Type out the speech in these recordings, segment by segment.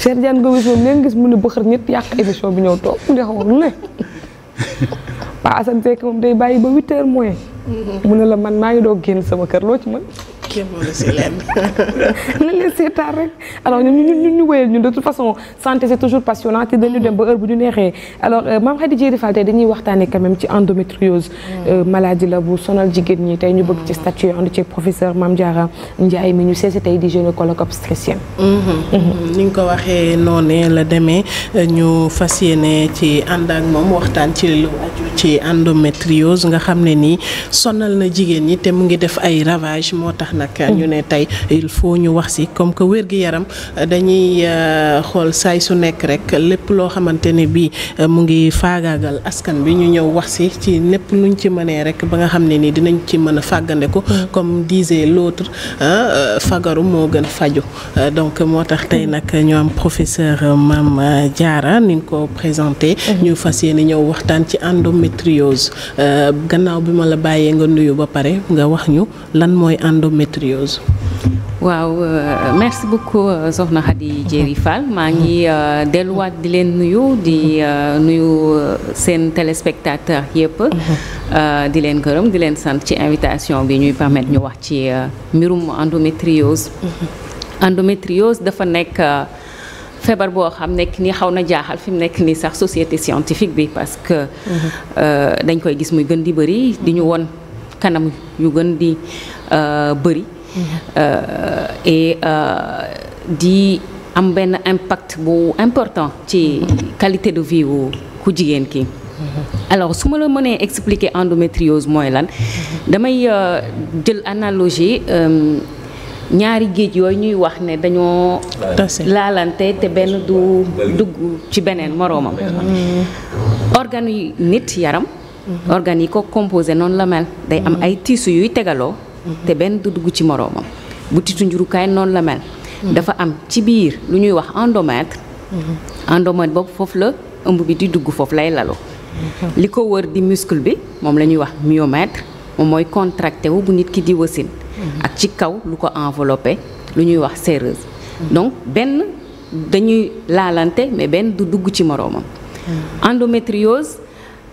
Cheikh Diagne Gomis moom leen gis mu ne bëxër nit yàq émission bi ñëw toog mu ne wax lu ne Pa Assane Seck moom day bàyyi ba huit heures moins mm-hmm. mu ne la man maa ngi doog génn sama kër loo ci mën jéemoo la si lenn. nañ leen seetaan rek alors ñun ñu ñu ñu wéyal ñun de toute façon santé c'est toujours passionnant dañu dem ba heure bu ñu neexee alors euh, maam Khady Diéry Fall tey dañuy waxtaanee quand même ci endométriose. Mm. Euh, maladie la bu sonal jigéen ñi tey ñu bëgg ci mm. mi ñu seesi tey di gynécologue obstétricienne. Mm-hmm, mm-hmm. mm-hmm. ni nga ko waxee noonee la demee ñu fas yéene ci ànd moom waxtaan ci lu ci endométriose nga xam ne nii sonal na jigéen ñi te mu ngi def ay ravage moo tax na nag ñu ne tey il faut ñu wax si comme que wér gi yaram dañuy euh, xool saay su nekk rek lépp loo xamante ne bii euh, mu ngi faagaagal askan bi ñu ñëw wax si ci lépp luñ ci mënee rek ba nga xam ne nii dinañ ci mën a fàggandeku mm. comme disait l'autre euh, fagaru moo gën faju donc moo tax tey mm. nag ñu am professeur maam jaara ni ko présenté mm-hmm. ñu fas yéene ñëw waxtaan ci endométriose gannaaw bi ma la bàyyee nga nuyu ba pare nga wax ñu lan mooy endométriose endométriose. waaw euh, merci beaucoup euh, soxna Khady Diéry Fall maa ngi euh, delluwaat di leen nuyu di nuyu seen téléspectateur yëpp. Mhm. di leen gërëm di leen sant ci invitation bi ñuy permettre ñu wax ci mbirum endométriose. Mhm. endométriose dafa nekk feebar boo xam nekk ni xaw na jaaxal fi mu nekk nii sax société scientifique bi parce que. Mhm. dañ koy gis muy gën di bëri di ñu won kanam yu gën di. Euh, bëri euh, et euh, di am benn impact bu important ci qualité de vie ku jigéen ki alors su ma la mënee expliquer endométriose mooy lan damay jël analogie ñaari géej yooyu ñuy wax ne dañoo laalante te benn du dugg ci beneen moroomam organe yi nit yaram mhm. organe yi ko composé noonu la mel day am mhm. ay tissu yuy tegaloo te benn du dugg ci moroomam butitu njurukaay noonu la mel dafa am ci biir lu ñuy wax endomètre mhm. endomètre boobu foofu la ëmb bi di dugg foofu lay lalu mhm. li ko wër di muscle bi moom la ñuy wax myomètre moom mooy contracté wu bu nit ki di wasin mhm. ak ci kaw lu ko enveloppé lu ñuy wax séreuse donc benn dañuy laalante mais benn du dugg ci moroomam endométriose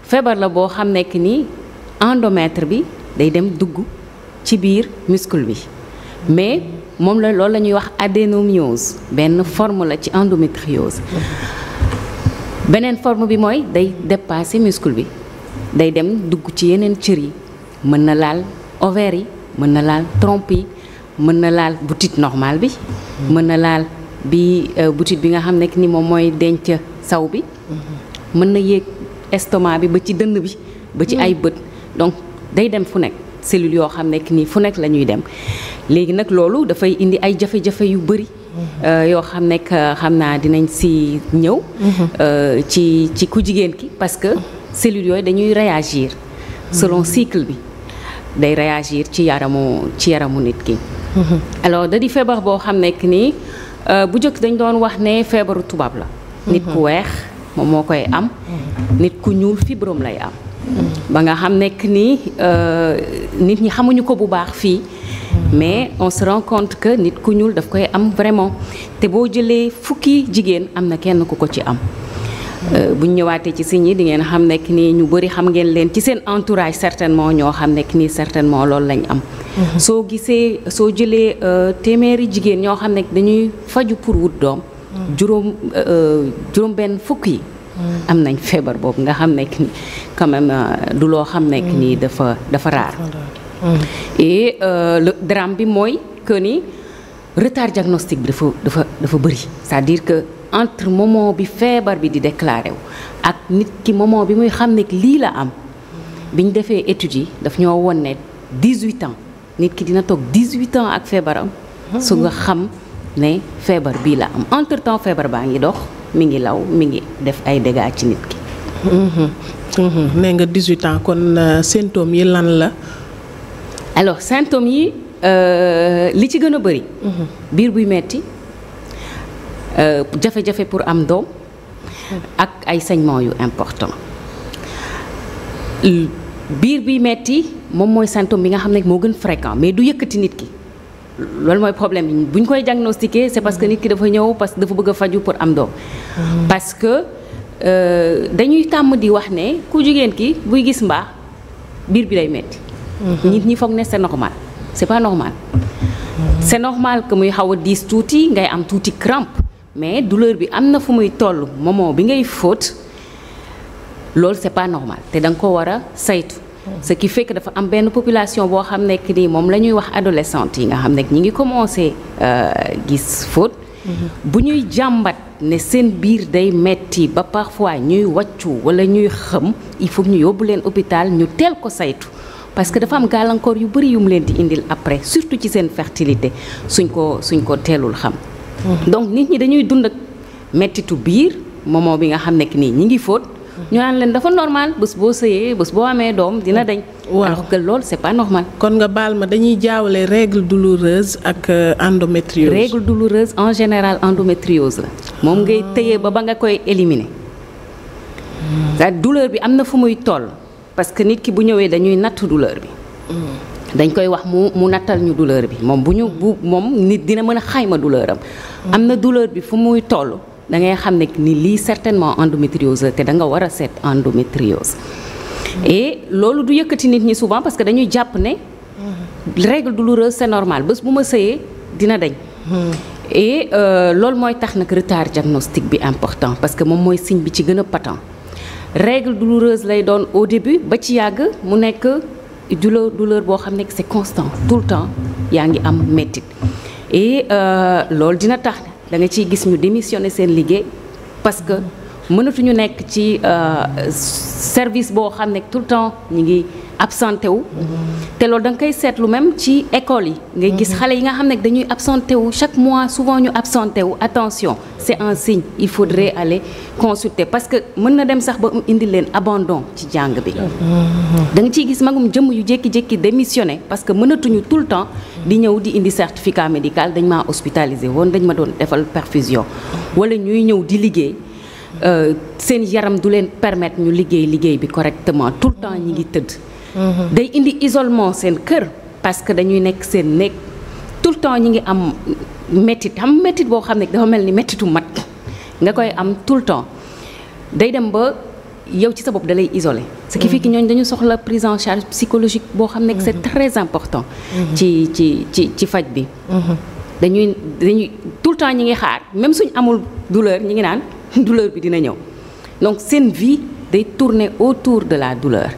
feebar la boo xam nekk ni endomètre bi day dem dugg ci biir muscle bi mais moom la loolu la ñuy wax adénomiose benn forme la ci endométriose beneen forme bi mooy day dépasser muscle bi day dem dugg ci yeneen cër yi mën na laal ovaire yi mën na laal trompe yi mën na laal butit normal bi mën na laal bi euh, butit bi nga xam ne ni moom mooy denc saw bi mën na yéeg estomac bi ba ci dënn bi ba ci ay bët donc day dem fu nekk cellules yoo xam nekk nii fu nekk lañuy dem léegi nag loolu dafay indi ay jafe-jafe yu bëri. Euh, yoo xam nekk euh, xam naa dinañ si ñëw. Mhm. Euh, ci ci ku jigéen ki parce que cellules yooyu dañuy réagir. selon mhm. cycle bi day réagir ci yaramu ci yaramu nit ki. Mhm. alors da di feebar boo xam nekk nii bu njëkk dañ doon wax ne feebaru tubaab la. nit ku weex moom moo koy am. nit ku ñuul fibrome lay am. ba nga xam nekk ni euh, nit ñi xamuñu ko bu baax fii. mais on se rend que nit ku ñuul daf koy am vraiment te boo jëlee fukki jigéen am na kenn ku ko ci am. Euh, buñ ñëwaatee ci signe yi di ngeen xam nekk ni ñu bëri xam ngeen leen ci seen entourage certainement ñoo xam nekk nii certainement loolu lañ am. Mhm. soo gisee soo jëlee euh, téeméeri jigéen ñoo xam ne dañuy faju pour wut doom. Mhm. juróom juróom benn fukk yi. Mm. am nañ feebar boobu nga xam nekk ni quand même euh, du loo xam nekk nii mm. dafa dafa raar mm. et euh, drame bi mooy que ni retard diagnostique bi dafa dafa dafa bëri c'est-à-dire que entre momo bi feebar bi di déclaré wu ak nit ki moment bi muy xam ne lii la am bi ñu defee études yi daf ñoo won ne 18 ans nit ki dina toog 18 ans ak feebaram mm-hmm. su nga xam ne feebar bii la am entre temps feebar baa ngi dox mi ngi law mi ngi def ay dégâts ci nit ki. nee mhm. mhm. nga 18 ans kon euh, symptômes yi lan la. alors symptômes yi euh, li ci gën a bëri. Mhm. biir buy metti euh, jafe-jafe pour am doom. ak ay saignements yu important. biir buy metti moom mooy symptôme bi nga xam ne moo gën fréquent mais du yëkkati nit ki. loolu mooy problème bi bu ñu koy diagnostiqué c'est parce que nit ki dafa ñëw parce que dafa bëgg a faju pour am doom ah. parce que euh, dañuy tàmm di wax ne ku jigéen ki buy gis mbaax biir bi day metti mm-hmm. nit ñi foog ne c'est normal c'est pas normal mm-hmm. c'est normal que muy xaw a diis tuuti ngay am tuuti cramp mais douleur bi am na fu muy toll moment bi ngay fóot loolu c'est pas normal te da nga ko war a saytu ce qui fait dafa am benn population boo xam nekk nii moom la ñuy wax adolescente yi nga xam nekk ñi ngi commencé euh, gis faute. Mm-hmm. bu ñuy jàmbat ne seen biir day metti ba parfois ñuy wàccu walla ñuy xëm il faut ñu yóbbu leen hôpital ñu teel ko saytu parce que dafa am gàllankoor yu bari yu mu leen di indil après surtout ci seen fertilité suñ ko suñ ko teelul xam. Mm-hmm. donc nit ñi dañuy dund ak mettitu biir moomoo bi nga xam nekk nii ñi ngi fóot ñu naan leen dafa normal bés boo sëyee bés boo amee doom dina dañ. waaw alors que loolu c'est pas normal. kon nga baal ma dañuy jaawale règle douloureuse ak euh, endométriose. règle douloureuse en général endométriose la moom ngay ah. tëye ba ba nga koy éliminer. da douleur bi am na fu muy toll parce que nit ki bu ñëwee dañuy natt douleur bi. Mm. dañ koy wax mu mu nattal ñu douleur bi moom bu ñu bu moom nit dina mën a xayma douleur am. Mm. am na douleur bi fu muy toll. da ngay xam ne ni lii certainement endométriose la te da nga war a set endométriose. et loolu du yëkkati nit ñi souvent parce que dañuy jàpp ne. règle douloureuse c'est normal bés bu ma sëyee dina dañ. et euh, loolu mooy tax nag retard diagnostic bi important parce que moom mooy siñ bi ci gën a patent. règle douloureuse lay doon au début ba ci yàgg mu nekk douleur douleur boo xam ne c'est constant tout le temps yaa ngi am métit et euh, dina tax. da nga ciy gis ñu démissionné seen liggéey parce que mënatuñu nekk ci euh, service boo xam ne tout le temps ñi ngi absenté wu. te loolu da nga koy seetlu même ci école yi. ngay gis mhm. xale yi nga xam ne dañuy absenté wu chaque mois souvent ñu absenté wu attention c' est un signe il faudrait mhm. aller consulter parce que mën na dem sax ba indi leen abandon ci jàng bi. Mhm. danga nga ciy gis magum jëmm yu jékki-jékki démissionné parce que mënatuñu tout le temps di ñëw di indi certificat médical dañ ma hospitalisé woon dañ ma doon defal perfusion wala ñuy ñëw di liggéey. Euh, seen yaram du leen permettre ñu liggéey liggéey bi correctement tout le temps ñi ngi tëdd Mm-hmm. day indi isolement seen kër parce que dañuy nekk seen néeg tout le temps ñi ngi am métit am métit boo xam ne dafa mel ni métitu mat nga koy am tout le temps day dem ba yow ci sa bopp dalay isole ce qui fait que ñooñu dañu soxla prise en charge psychologique boo xam ne c'est mm-hmm. très important mm-hmm. ci ci ci ci faj bi dañuy dañuy tout le temps ñi ngi xaar même suñ amul douleur ñi ngi naan douleur bi dina ñëw donc seen vie day tourner autour de la douleur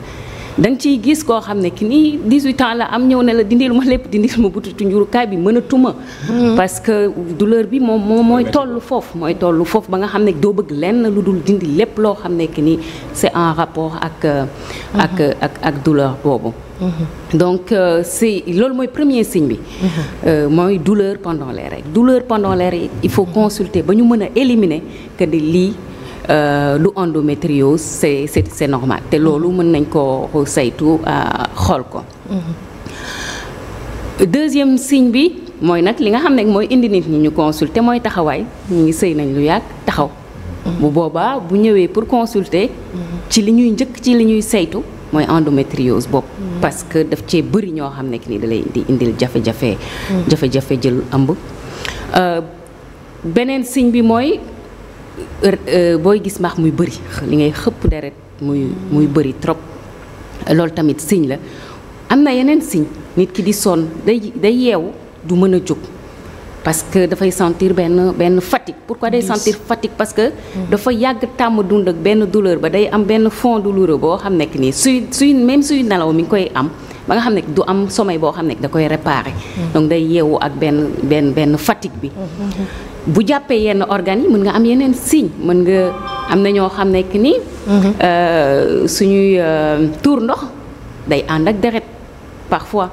da nga ciy gis koo xam ne ki nii 18 ans la am ñëw ne la dindil ma lépp dindil ma bututu njurukaay bi mënatuma hmm. parce que douleur bi moom moom mooy toll foofu mooy tollu foofu ba nga xam ne doo bëgg lenn lu dul dindi lépp loo xam ne ki nii c'est en rapport ak hmm. ak ak ak douleur boobu hmm. donc euh, loolu mooy premier signe bi euh, mooy douleur pendant les règles douleur pendant les règles il faut consulter ba ñu mën a éliminer que di lii Euh, du endométriose c'est c'est c'est te loolu mën nañ koo saytu euh, xool ko mm-hmm. deuxième signe bi mooy nag li nga xam ne mooy indi nit ñi ñu consulter mooy taxawaay ñu ngi sëy nañ lu yàgg taxaw mm-hmm. bu boobaa bu ñëwee pour consulter mm-hmm. ci li ñuy njëkk ci li ñuy saytu mooy endométriose bopp parce que daf cee bëri ñoo xam ne ni da indi indil jafe-jafe jafe-jafe jël ëmb euh, beneen signe bi mooy Euh, booy gis max muy bëri li ngay xëpp deret muy muy bëri trop loolu tamit siñ la am na yeneen siñ nit ki di sonn day day yeewu du mën a jóg parce que dafay sentir benn benn fatigue pourquoi day sentir fatigue parce que mm. dafa yàgg tàmm dund ak benn douleur ba day am benn fond douloureux boo xam nekk nii suy suy même suy nelaw mi ngi koy am ba nga xam ne du am sommeil boo xam ne da koy réparer mm. donc day yeewu ak benn benn benn fatigue bi mm-hmm. bu jàppee yenn organes yi mën nga am yeneen signe mën nga am na ñoo xam nekk ni. Mhm. Euh, suñuy euh, tuur ndox day ànd ak deret parfois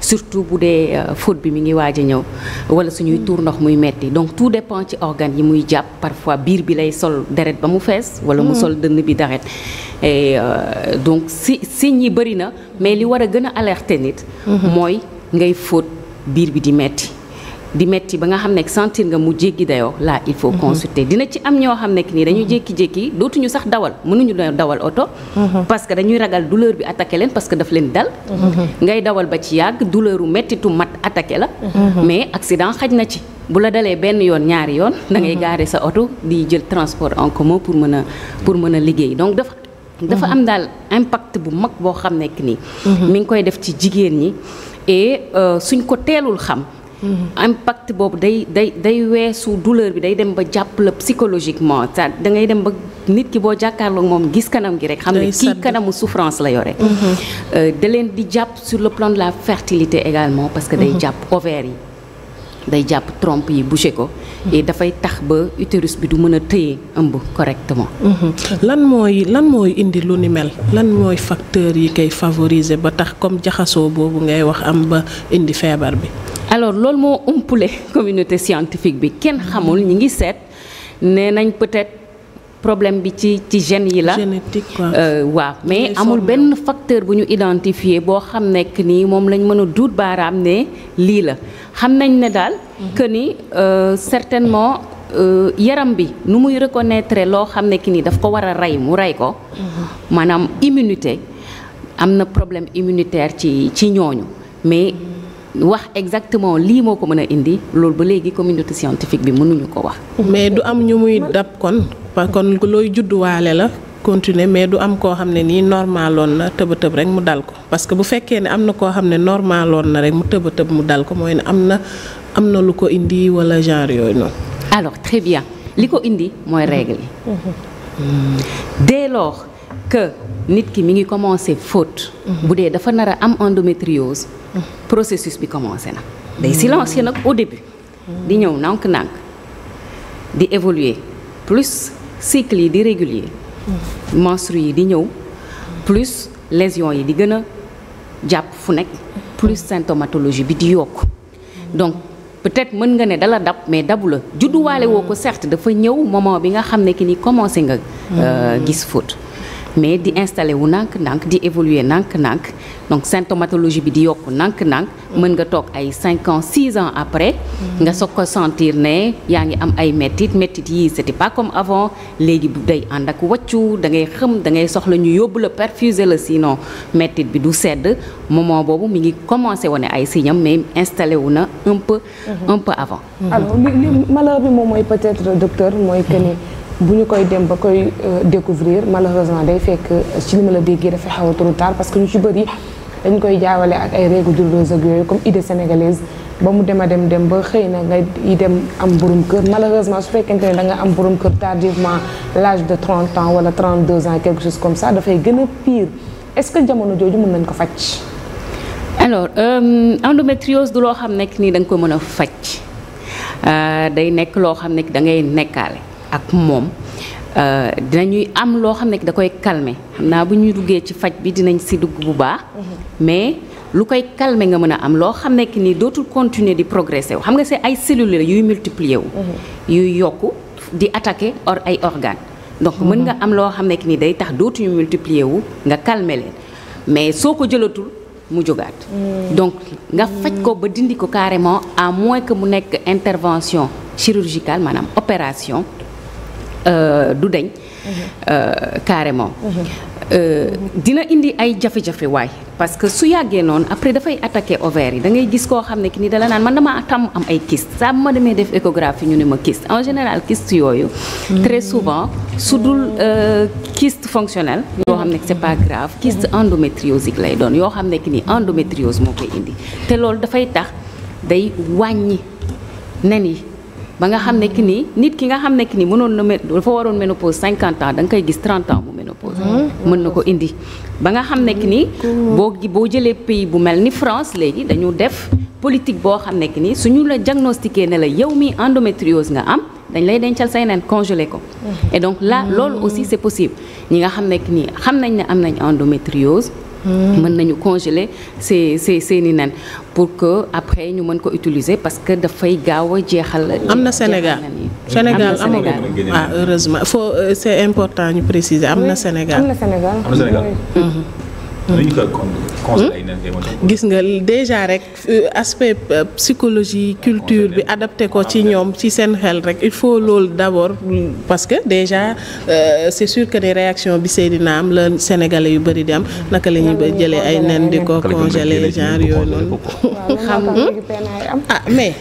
surtout bu dee euh, faute bi mu ngi waaj a ñëw wala suñuy mhm. tuur ndox muy metti donc tout dépend ci organes yi muy jàpp parfois biir bi lay sol deret ba mu fees. wala mu mhm. sol dënn bi deret. et donc si signes yi bëri na mais li war a gën a alerte nit. mooy ngay fóot biir bi di metti di metti ba nga xam ne sentir nga mu jéggi dayoo là il faut mhm. consulter dina ci am ñoo xam ne nii dañuy mhm. jékki-jékki dootuñu sax dawal mënuñu dawal oto. Mhm. parce que dañuy ragal douleur bi attaqué leen parce que daf leen dal. ngay dawal ba ci yàgg douleur u mettitu mat attaqué la. mais accident xaj na ci. bu la dalee benn yoon ñaari yoon. da ngay gaare sa oto di jël transport en commun pour mën a pour mën a liggéey donc dafa. dafa am daal impact bu mag boo xam nekk nii. mi ngi koy def ci jigéen ñi euh, suñ ko teelul xam. Mm-hmm. impact boobu day day day weesu douleur bi day dem ba jàpp la psychologiquement ça da ngay dem ba nit ki boo jàkkaarlook moom gis kanam gi rek xam ne kii kanamu souffrance la yore mm-hmm. euh, da leen di jàpp sur le plan la fertilité également parce que day mm-hmm. jàpp ovaires yi day jàpp trompe yi bouché ko et dafay tax ba utérus bi du mën a tëye ëmb correctement lan mooy lan mooy indi lu ni mel lan mooy facteur yi kay favoriser ba tax comme jaxasoo boobu ngay wax am ba indi feebar bi alors loolu moo umpule communauté scientifique bi kenn xamul ñi ngi seet nee nañ peut-être problème bi ci ci gènes yi la génétique quoi euh, waaw mais amul benn facteur bu ñu identifié boo xam nekk nii moom lañ mën a duut baaraam ne lii la xam nañ ne daal mhm. que ni euh, certainement euh, yaram bi nu muy reconnaître loo xam ne ki nii daf ko war a rey mu rey ko mhm. maanaam immunité am na problème immunitaire ci ci ñooñu mais mhm. wax exactement lii moo ko mën indi loolu ba léegi communauté scientifique bi mënuñu ko wax. mais du am ñu muy dab kon parce que looy judduwaale la. continuer mais du am koo xam ne nii normaloon na tëba tëb rek mu dal ko parce que bu fekkee ne am na koo xam ne normaloon na rek mu tëba tëb mu dal ko mooy ne am na am na lu ko indi wala genre yooyu noonu. alors très bien li ko indi mooy règle yi. Mhm. dès que nit ki mi ngi commencé faute. Mhm. bu dee dafa nar a am endométriose. Mhm. processus bi commencé na. Mhm. day silencieux nag au début. di ñëw nànk-nànk di évoluer plus cycle yi di régulier. menstru yi di ñëw plus lésions yi di gën a jàpp fu nekk. plus symptomatologie bi di yokk donc peut-être mën nga ne dala dab mais dabu la judduwaale woo ko certes dafa ñëw moment bi nga xam ne ki ni commencé nga. Euh, gis faute. mais di installé wu nànk-nànk di évoluer nànk-nànk donc symptomatologie bi di yokku nànk-nànk mën nga toog ay 5 ans 6 ans après nga soog ko sentir ne yaa ngi am ay mettit mettit yii c'était pas comme avant léegi bu day ànd ak wàccu da ngay xëm da ngay soxla ñu yóbbu la perfuser la sinon mettit bi du sedd moment boobu mu ngi commencé wane ay signam mais installé wu na un peu avant alors bi moom mooy peut-être docteur mooy que bu ñu koy dem ba koy euh, découvrir malheureusement day fekk euh, ci li ma la déggee dafa xaw a trop parce que ñu ci bëri dañ koy jaawale ak ay règles douloureuses ak yooyu comme idée sénégalaise ba mu dem a dem dem ba xëy na ngay dem am borom kër malheureusement su fekkente ne da nga am borom kër tardivement lage de 30 ans wala 32 ans quelque chose comme ça dafay gën a pire est-ce que jamono jooju mën nañ ko faj. alors euh, endométriose du loo xam nekk nii da nga mën a faj day nekk loo xam ne da ngay nekkaale. ak moom euh, dinañuy am loo xam ne da koy calmer xam naa bu ñuy duggee ci faj bi dinañ si dugg bu baax. Mhm. mais lu koy calmer nga mën a am loo xam ne que nii dootul continuer di progresser wu xam nga c'est ay cellules yuy multiplier wu. Mhm. yuy yokku di attaquer ay organes. donc mhm. mën nga am loo xam ne que day tax dootuñu multiplier wu nga calmer leen mais soo ko jëlatul mu jógaat. donc nga faj ko ba dindi ko carrément à moins que mu nekk intervention chirurgicale maanaam opération. Euh, du deñ euh, carrément euh, dina indi ay jafe-jafe waay parce que su yàggee noonu après dafay attaqué ovaires yi da ngay gis koo xam ne ki ni dala naan man dama tàmm am ay kyste saa ma demee def échographie ñu ne ma kyste en général kyste yooyu très souvent su dul kyste fonctionnel yoo xam ne c'est pas grave kyste endométriosique lay doon yoo xam ne ki ni endométriose moo koy indi te loolu dafay tax day wàññi nen yi ba nga xam ne ki nii nit ki nga xam nekk ki nii mënoon na dafa waroon ménopause cinquante ans da nga koy gis trente ans mu ménopause hmm? mën na ko indi ba nga xam ne ki nii hmm. boo boo jëlee pays bu mel ni France léegi dañu def politique boo xam nekk ki nii suñu la diagnostiqué ne la yow mi endométriose nga am dañ lay dencal say neen congelé ko hmm. et donc là loolu aussi c'est possible ñi nga xam ne nii xam nañ ne am nañ endométriose Mm. mën nañu congeler see see seeni nen pour que après ñu mën ko utiliser parce que dafay gaaw a jeexal. am na Sénégal Sénégal amagu ah heureusement faut euh, c'est important ñu préciser am na Sénégal am na Sénégal. Mm-hmm. dañu ko conseillé hmm? gis nga déjà rek euh, aspect euh, psychologie culture bi adapté ko ci ñoom ci seen xel rek il faut loolu d'abord parce que déjà euh, c'est sûr que ne réaction bi na am la sénégalais yu bëri di am naka la ba jëlee ay nen di ko congelé genre yooyu noonu xam hmm? ah mais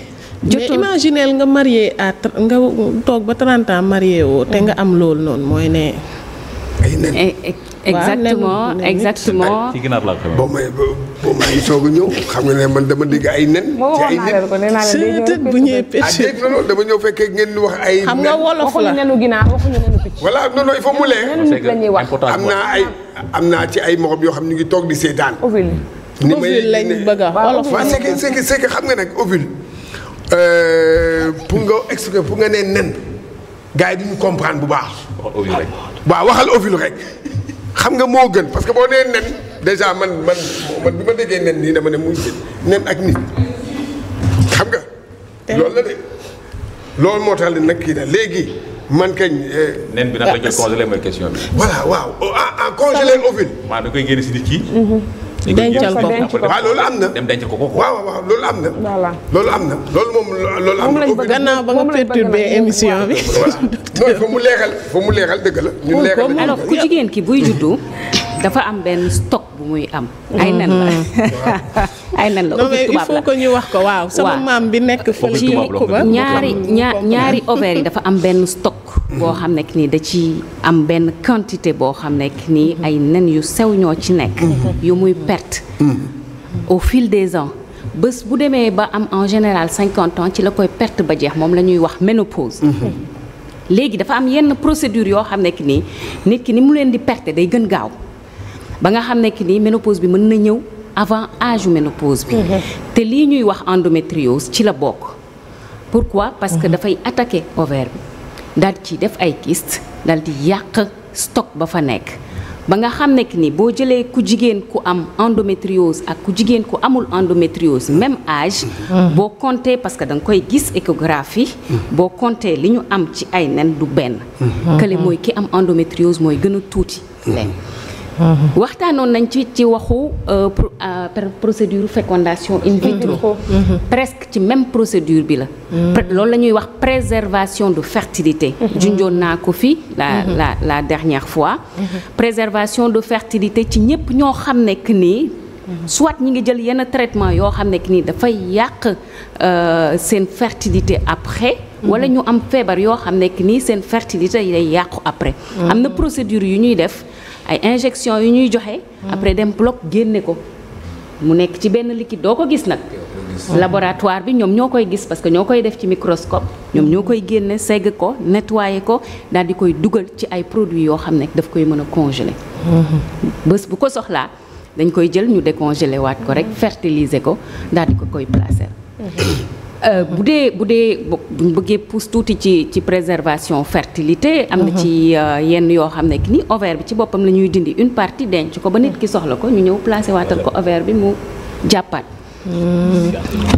mais imagineel nga marié à nga toog ba 30 ans marié woo te nga am loolu noonu mooy ne exactement exactement. Ah, ci ginaar laa ko xamee. boo may boo may soog ñëw xam nga ne man dama dégg ay nen. ci ay nen bu ñëwee pêche. Ah, dama ñëw fekkee ngeen wax ay. xam nga wolof la waxuñu nenu ginaar waxuñu nenu picc. voilà non non il mu leer. am naa ay am naa ci ay morom yoo xam ñu ngi toog di seetaan. ovule ovule lañ bëgg a wolof waaw c'est que xam nga nag ovule. Euh, pour nga expliquer pour nga ne nen. gars yi duñu comprendre bu baax. waaw waxal ovule rek. xam nga moo gën parce que boo nee nen déjà man man man bi ma déggee nen nii dama ne muy nen ak nit xam nga. loolu la de loolu moo tax la nag kii da léegi man kañ. Euh, nen bi nag la jël ah, congelé mooy question bi. voilà waaw en oh, en ah, ah, congelé ovule. waaw da koy génne si nit ki. Mhm. dencal ko waaw ah, loolu am na. dem dencal ko ko waaw waaw loolu am na. voilà loolu am na. loolu moom loolu am na. gannaaw ba nga perturbé émission bi. non fa mu leexal fa mu leexal dëgg la. ñu leexal alors ku jigéen ki buy juddu. dafa am benn stock bu muy am. ay nen la mhm. ay nen la ovaire tubaab la non mais il faut que ñu wax ko waaw. sama maam bi nekk fële ci ñaari ñaari ovaire yi dafa am benn stock. boo xam nekk nii da ci am benn quantité boo xam nekk nii mhm. ay nen yu sew ñoo ci nekk. Mhm. yu muy perte. au fil des ans. bés bu demee ba am en général cinquante ans ci la koy perte ba jeex moom la ñuy wax ménopause. léegi dafa am yenn procédure yoo xam nekk nii nit ki ni mu leen di perte day gën gaaw. ba nga xam nekk nii ménopause bi mën na ñëw avant âge ménopause bi. Mhm. te lii ñuy wax endométriose ci la bokk. pourquoi parce que mhm. dafay attaquer ovaire bi daal ci def ay kyste dal di yàq stock ba fa nekk. ba nga xam nekk ni boo jëlee ku jigéen ku am endométriose ak ku jigéen ku amul endométriose même âge. Mhm. boo compter parce que da nga koy gis échographie. boo compter li ñu am ci ay nen du benn. kële mooy ki am endométriose mooy gën a tuuti waxtaanoon nañ ci ci waxu euh, euh, procédure fécondation in vitro mm-hmm. Mm-hmm. Mm-hmm. presque ci même procédure bi la loolu la ñuy wax préservation de fertilité junjoon naa ko fi la la la dernière fois préservation de fertilité ci ñëpp ñoo xam nekk nii soit ñi ngi jël yenn traitement yoo xam ne nii dafay yàq euh, seen fertilité après wala ñu am feebar yoo xam ne nii seen fertilité day yàqu après am na procédure yu ñuy def ay injection yu ñuy joxe. après dem bloc génne ko mu nekk ci benn liquide doo ko gis nag. laboratoire bi ñoom ñoo koy gis parce que ñoo koy def ci microscope. ñoom ñoo koy génne segg ko nettoyer ko daal di koy dugal ci ay produits yoo xam ne daf koy mën a congeler. bés bu ko soxlaa dañ koy jël ñu décongeler waat ko rek fertiliser ko daal di ko koy placer. Euh, bu dee bu dee buñ buggee pousse tuuti ci ci préservation fertilité. am na ci mhm. euh, yenn yoo xam ne ni ovaire bi ci boppam lañuy ñuy dindi une partie denc ko ba nit ki soxla ko ñu ñëw placé waatal ko ovaire bi mu jàppaat. Euh,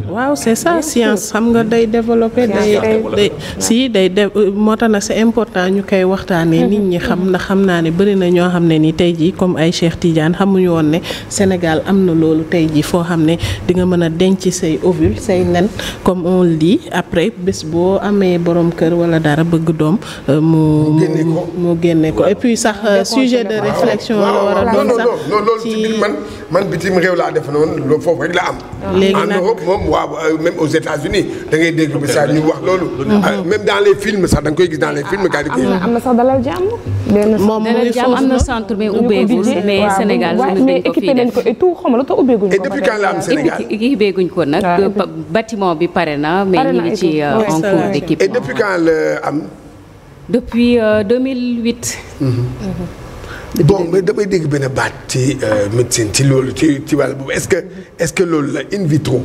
waaw c'est ça science xam nga day développer day day si day de moo tax nag c'est important ñu koy waxtaanee mm-hmm. nit ñi xam ndax xam naa ne bëri na ñoo xam ne ni tey jii comme ay Cheikh Tidiane xamuñu woon ne Sénégal am na loolu tey jii foo xam ne di nga mën a denc say ovule say nen comme on dit après bés boo amee boroom kër wala dara bëgg doom euh, mu mu génne ko et puis sax euh, sujet de réflexion la war a doon sax ci man bitim réew laa def noonu foofu rek la am Ah. léegi nag en Europe moom waaw euh, même aux États-Unis da ngay dégg message ñu wax loolu. Ah, même dans les films sax da koy gis dans les films. gaa ah, di am na sax dalal jàmm. moom muy foofu am na centre mais ubbeegul mais Sénégal mais équipé nañ ko et tout xam nga lu tax ubbeeguñ ko. et depuis quand la am Sénégal ubbeeguñ ko nag. bâtiment bi pare na mais ñu ngi ci euh, en cours d'équipement. et depuis quand la am. depuis 2008. Euh, bon mais damay dégg benn baat ci euh, médecine ci loolu ci ci wàll boobu est-ce que est-ce que loolu la in vitro.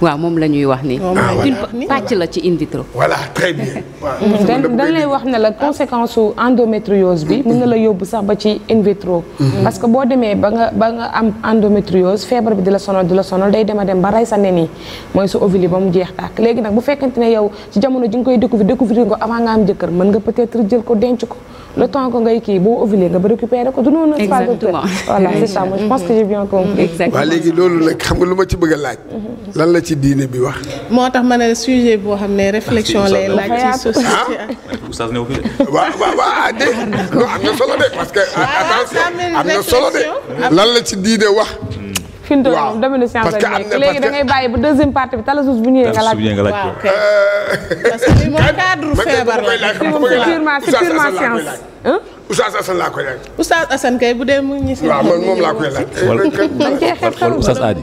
waaw moom la ñuy wax nii. Ah, une pàcc la ci in vitro. voilà très mm. wax ne la conséquence su endométriose bi mën na la yóbbu sax ba ci in mm-hmm. parce que boo demee ba nga ba nga am endométriose feebar bi di la sonal di la sonal day dem a dem ba rey sa nen yi mooy sa ovule ba mu jeex tàkk léegi nag bu fekkente ne yow ci jamono ji nga koy découvrir découvrir ko avant nga am jëkkër mën nga peut-être jël ko denc ko. le temps que ngay kii boo ovulé nga ba récupéré ko du noonu. exactement voilà c'est ça moi je pense que léegi loolu nag xam nga lu ma ci bëgg laaj. Mm-hmm. ci diine bi wax. moo tax ma ne sujet boo xam ne réflexion ah, lay laaj ci société ah, ah. oustaz ne waaw na solo parce que attention am na la ci diine wax. Hmm. fi mu toll moom domaine science bi tala suuf bu ñëwee nga laaj. waaw kay parce que li moom bu dee mu ngi si. moom laa koy laaj. wala wala Oustaz Adi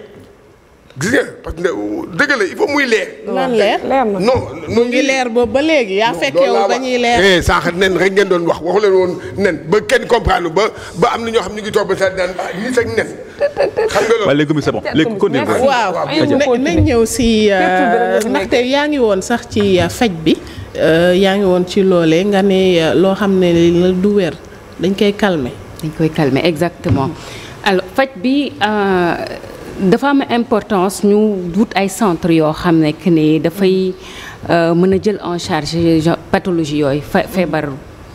gis parce que dëgg la il faut muy leer. lan leer no ngi leer boobu ba léegi yaa fekkee wu ba ñuy leer. Eh, sànq nen rek ngeen doon wax waxu leen woon nen ba kenn comprendre ba ba am na ñoo xam ne ngi toog ba ah, sax daan ah xam nga loolu waaw léegi c'est ñëw si euh, ndaxte yaa ngi woon sax ci euh, faj bi euh, yaa ngi woon ci loolee nga ne loo xam ne du wér dañ koy calmer. dañ koy calmer exactement alors faj bi. dafa am importance ñu wut ay centre yoo xam ne que ni dafay euh, mën a jël en charge pathologie yooyu feebar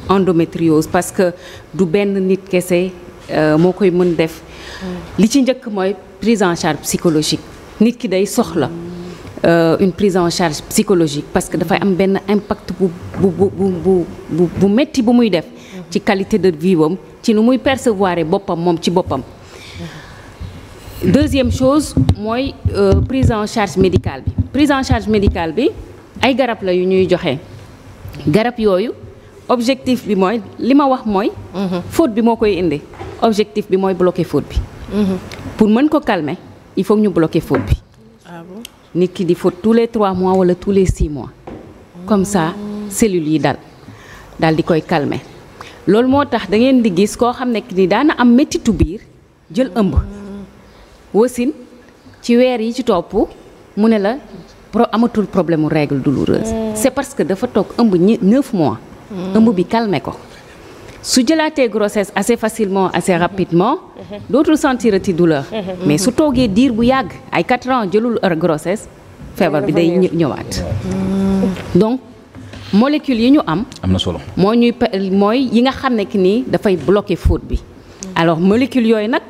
endométriose parce que du benn nit kese euh, moo koy mën def mm. li ci njëkk mooy prise en charge psychologique nit ki day soxla euh, une prise en charge psychologique parce que dafay am benn impact bu bu bu bu bu metti bu muy def mm. ci qualité de vie ci nu muy percevoir boppam moom ci boppam deuxième chose mooy euh, prise en charge médicale bi prise en charge médicale bi ay garab la yu ñuy joxe garab yooyu objectif bi mooy li ma wax mooy. Mhm. faute bi moo koy indi objectif bi mooy bloquer faute bi. Mhm. pour mën ko calmer il faut ñu bloquer faute bi. Ah nit ki di faute tous les trois mois wala tous les six mois. comme ça cellules yi dal daal di koy calmer loolu moo tax da ngeen di gis koo xam ne ni daana am métitu biir jël ëmb. wasin ci weer yi ci topp mu ne la pro amatul problème mu règle douloureuse. Mm. c'est parce que dafa toog ëmb ñi neuf mois. Mm. ëmb bi calmé ko. su jëlaatee grossesse assez facilement assez rapidement. Mm-hmm. Mm-hmm. dootul sentirati douleur. Mm-hmm. mais su toogee diir bu yàgg ay quatre ans jëlul grossesse. feebar bi day ñëwaat. Mm. donc molécule yi ñu am. am solo moo ñuy mooy yi nga xam ne ki nii dafay bloquer faute bi. alors molécule yooyu nag.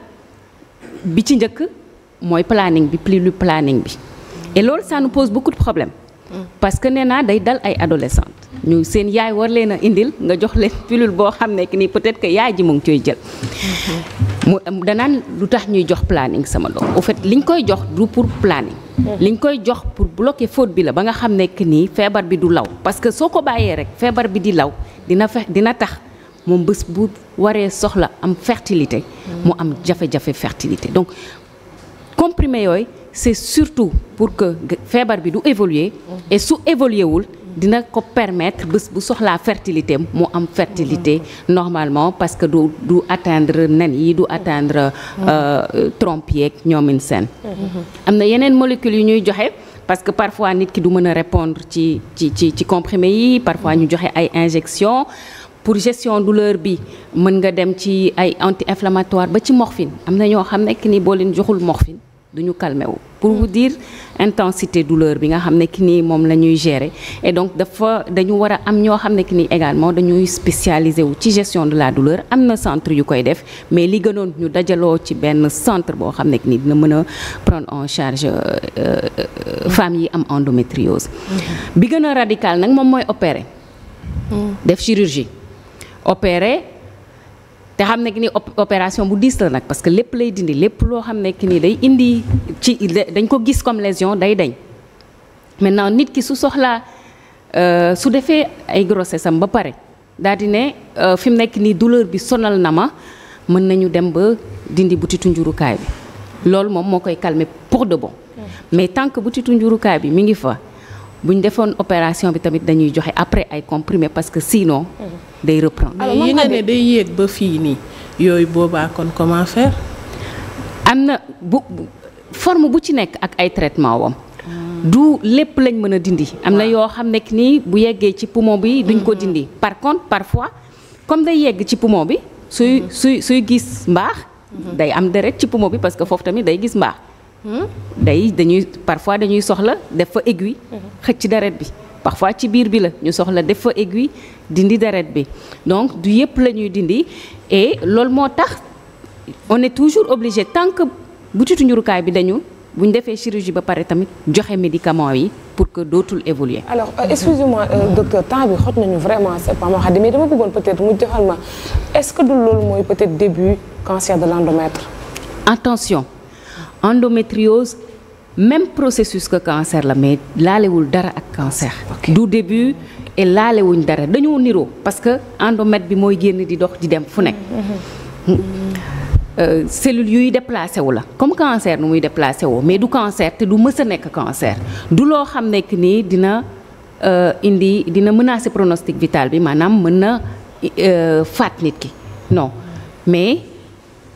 bi ci njëkk mooy planning bi plus lu planning bi et loolu ça nous pose beaucoup de problèmes. parce que nee naa day dal ay adolescentes ñu seen yaay war leen a indil nga jox leen pilule boo xam ne que ni peut-être que yaay ji mu ngi koy jël. mu danaan lu tax ñuy jox planning sama doom au fait liñ koy jox du pour planning. liñ koy jox pour bloquer faute bi la ba nga xam ne que nii feebar bi du law parce que soo ko bàyyee rek feebar bi di law dina fex dina tax. moom bés bu waree soxla am fertilité mu am jafe-jafe fertilité donc comprimé yooyu c'est surtout pour que feebar bi du évoluer et su évoluer wul dina ko permettre bés bu soxlaa fertilité mu am fertilité normalement parce que du du atteindre nen yi du atteindre euh, trompe yeeg ñoomin seen am na yeneen molécules yu ñuy joxe parce que parfois nit ki du mën a répondre ci ci ci ci comprimé yi parfois ñu joxe ay injection pour gestion douleur bi mën nga dem ci ay anti inflammatoire ba ci morphine am na ñoo xam ne ki ni boo leen joxul morphine du ñu calmé wu pour vous dire intensité douleur bi nga xam ne ki nii moom la ñuy gérer et donc dafa dañu war a am ñoo xam ne ki nii également dañuy spécialisé wu ci gestion de la douleur am na centre yu koy def mais li gënoon ñu dajaloo ci benn centre boo xam ne ki nii dina mën a prendre en charge euh, euh, femmes yi am endométriose mm-hmm. bi gën a mooy opérer mm. opéré te xam ne ni opération bu diis la nag parce que lépp lay dindi lépp loo xam ne nii day indi ci dañ ko gis comme lésion day dañ maintenant nit ki su soxlaa euh, su defee ay grossesse am ba pare daal di ne euh, fi mu nekk nii douleur bi sonal na ma mën nañu dem ba dindi butitu njurukaay bi loolu moom moo koy calmer pour de bon mais tant que butitu njurukaay bi mi ngi fa buñ defoon opération bi tamit dañuy joxe après ay comprimé parce que sinon. Mmh. day reprendre. alors yi nga ne day yéeg ba fii nii yooyu boobaa kon comment faire. am na bu forme bu ci nekk ak ay traitement wam hmm. du lépp lañ mën a dindi. am na yoo xam ne nii bu yeggee ci poumon bi duñ ko hmm. dindi. par contre parfois comme day yegg ci poumon bi. suy hmm. suy suy gis mbaax. day am deret ci poumon bi parce que foofu tamit day gis mbaax. day dañuy parfois dañuy soxla def fa aiguille. xëcc deret bi. parfois ci biir bi la ñu soxla def fa aiguille dindi deret bi donc du yëpp la ñuy dindi et loolu moo tax on est toujours obligé tant que butitu njurukaay bi dañu bu ñu defee chirurgie ba pare tamit joxe médicament yi pour que dootul évoluer. alors euh, excusez-moi euh, docteur temps bi xot nañu vraiment c'est pas ma xam dama bëggoon peut-être mu joxal ma est-ce que du loolu mooy peut-être début cancer de l'endomètre. attention endométriose même processus que cancer la mais laalewul dara ak cancer. du début laalewuñ dara dañoo niroo parce que endomètre bi mooy génn di dox di dem fu nekk. Mm-hmm. Hmm. Euh, cellule yuy déplacé wu la comme cancer nu muy déplacé woo mais du cancer te du mës a nekk cancer du loo xam nekk nii dina euh, indi dina menacer pronostic vital bi maanaam mën na euh, faat nit ki non mais.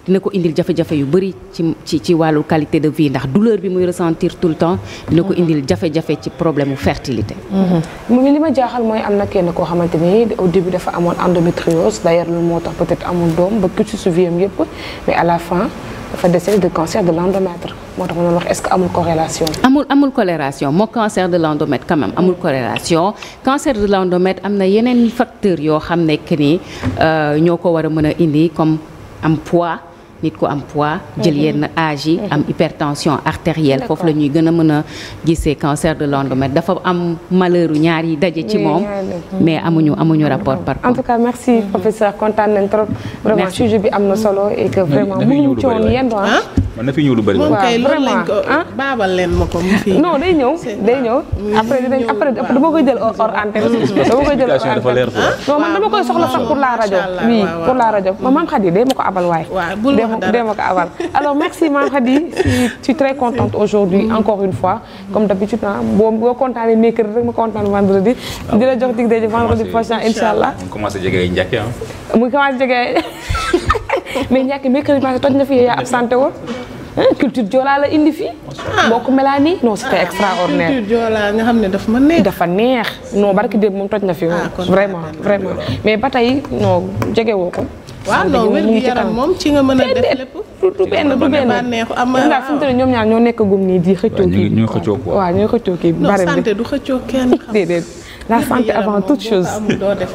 dina ko indil jafe-jafe yu bëri ci ci ci wàllu qualité de vie ndax douleur bi muy ressentir tout le temps dina ko mhm. indil jafe-jafe ci problème mu fertilité mhm. mu li ma jaaxal mooy am na kenn koo xamante ni au début dafa amoon endométriose d'ailleurs moo tax peut-être amul doom ba cursus su viam yëpp à la fin dafa décédé de cancer moo tax ma doon wax est-ce que amul corrélation. amul amul corrélation moo cancer de l'endomètre quand même amul mhm. corrélation cancer de am na yeneen facteurs yoo xam ne nii ni euh, ñoo ko war a mën a indi comme am poids. nit ku am poids mhm. jël yenn âge yi mhm. am hypertension artérielle foofu la ñuy gën a mën a gisee cancer de l'endomètre dafa am malheuru ñaar yi daje ci moom mais mhm. amuñu amuñu rapport par en tout cas merci professeur kontaan nañ trop bi am na solo et que vraiment mënuñu ci woon yendu ah. man na fi ñëw lu bëri. waaw vraiment ah baabal leen ma ko mu fi. non day ñëw day ñëw après dinañ après dama koy jël hors antenne. dama koy jël hors antenne non man dama la rajo. la rajo ma maam Khady dee ma ko abal waaye. waaw dee ma ko abal alors merci maam Khady je suis très contente aujourd'hui mm-hmm. encore une fois comme d'habitude ah boo boo kontaanee rek ma kontaan vendredi. Ah. di la jox dig vendredi mu commencé jege njëkk ah. mais ñàkk mercredi marché toj na fi yaa absenté woon culture joolaa la indi fii. Ah. bokk melaa non c'était ah, extraordinaire. culture joolaa nga xam ne dafa ma neex. dafa neex non barki démb moom toj na fi. Ah, vraiment vraiment mais ba tey non jege woo ko. waaw non ngi gi yaram moom ci nga mën a def lépp. du benn du benn am na fu mu toll ñoom ñaar ñoo nekk gum nii di xëccoo kii. waaw ñooy xëccoo kii. waaw ñooy xëccoo kii. bare bi du xëccoo kenn. déedéet. la santé avant toute chose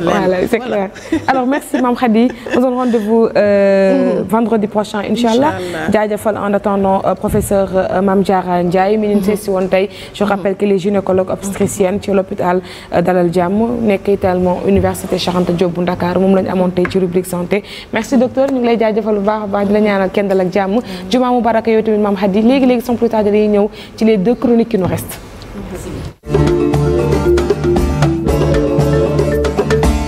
voilà c'est clair alors merci Mame Khady on donne rendez-vous euh, mm-hmm. vendredi prochain inchallah jaajëfal en attendant euh, professeur euh, Mame Diarra Ndiaye mi ñu seet si woon tey je mm-hmm. rappelle que les gynécologues obstétricienne ci l'hôpital Dalal Jàmm nekk également université Cheikh Anta Diop bu Ndakaar moom lañu amoon tey ci rubrique santé merci docteur ñu ngi lay jaajëfal bu baax a baax di kenn dal ak jàmm mm-hmm. jumaa mu baraka yow tamit Mame Khady léegi ñëw ci les deux